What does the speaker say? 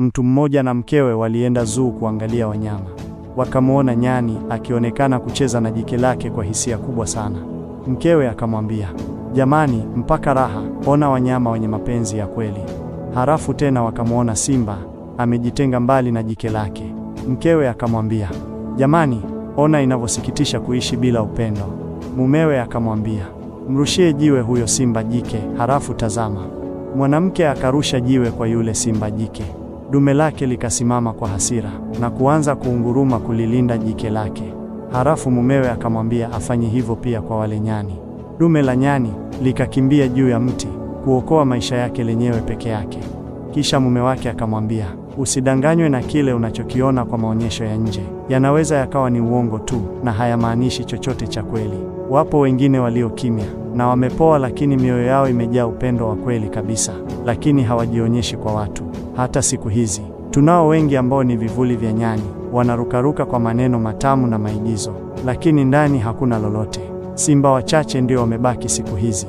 Mtu mmoja na mkewe walienda zoo kuangalia wanyama. Wakamwona nyani akionekana kucheza na jike lake kwa hisia kubwa sana. Mkewe akamwambia, jamani, mpaka raha, ona wanyama wenye mapenzi ya kweli. harafu tena wakamwona simba amejitenga mbali na jike lake. Mkewe akamwambia, jamani, ona inavyosikitisha kuishi bila upendo. Mumewe akamwambia, mrushie jiwe huyo simba jike, harafu tazama. Mwanamke akarusha jiwe kwa yule simba jike. Dume lake likasimama kwa hasira na kuanza kuunguruma kulilinda jike lake. harafu mumewe akamwambia afanye hivyo pia kwa wale nyani. Dume la nyani likakimbia juu ya mti kuokoa maisha yake lenyewe peke yake. Kisha mume wake akamwambia, usidanganywe na kile unachokiona kwa maonyesho ya nje, yanaweza yakawa ni uongo tu na hayamaanishi chochote cha kweli. Wapo wengine walio kimya na wamepoa, lakini mioyo yao imejaa upendo wa kweli kabisa, lakini hawajionyeshi kwa watu. Hata siku hizi tunao wengi ambao ni vivuli vya nyani, wanarukaruka kwa maneno matamu na maigizo, lakini ndani hakuna lolote. Simba wachache ndio wamebaki siku hizi.